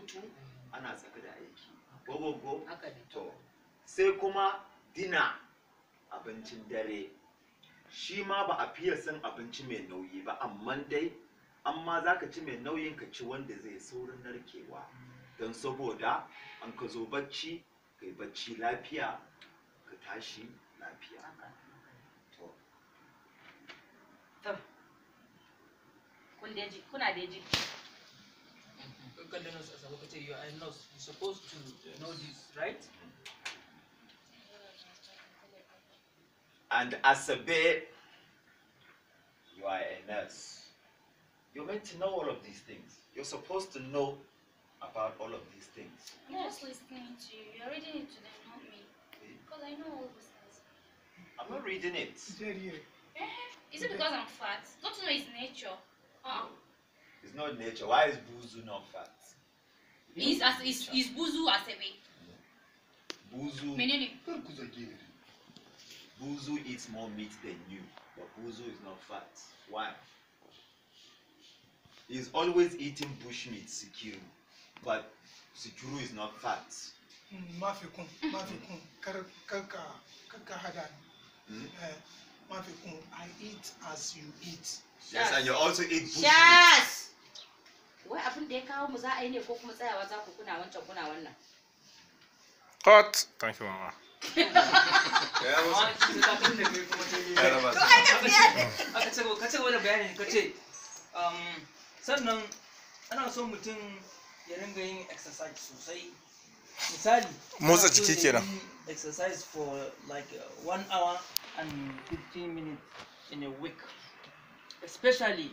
rubutu ana tsaka da aiki gogogo to sai kuma dina abincin dare shi ma ba a fiye san abinci mai nauyi ba amma dai amma za ka ci mai nauyin ka ci wanda zai saurin narkewa don saboda an ka zo bacci ka yi bacci lafiya ka tashi lafiya to kuna da ji as a property, you are not you're supposed to yes. know this, right? And as a bed, you are a nurse. You're meant to know all of these things. You're supposed to know about all of these things. I'm just listening to you. You're reading it to them, not me. Because I know all these things. I'm not reading it. Eh? Is it because I'm fat? Don't you know it's nature? huh? It's not nature. Why is Buzu not fat? Is as is is buzu asewe. Buzu. Menene? Buzu eats more meat than you, but Buzu is not fat. Why? He's always eating bush meat, Sikiru, but Sikiru is not fat. Hmm, mafikun, mafikun, kaka, hmm. kaka hadan. Hmm? Eh, mafikun, I eat as you eat. Yes, yes. and you also eat bush meat. Yes. wai abin da ya kawo mu za a yi ne ko kuma tsayawa za ku kuna wancan kuna wannan Cut. Thank you, Mama. Um, sannan ana son mutum ya ringa yin exercise misali motsa kenan for like one hour and 15 minutes in a week especially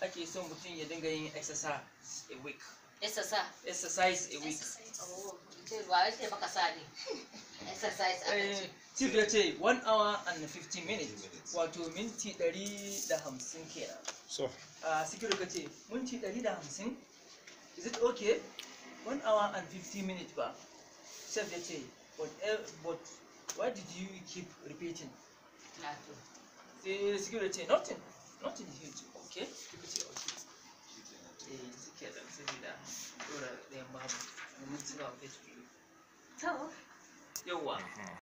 ake so mutum ya dinga yin exercise a week exercise a week. exercise oh, a week eh, Chief a ce 1 hour and 15 minutes wato minti 150 kenan. So. Uh, Sikiru ka ce minti 150 is it okay? 1 hour and 15 minutes ba. Chef ya ce but, but why did you keep repeating? Sai Sikiru ya ce nothing. not in huge okay keep it okay eh yanzu ke dan saboda dora ɗayan babu to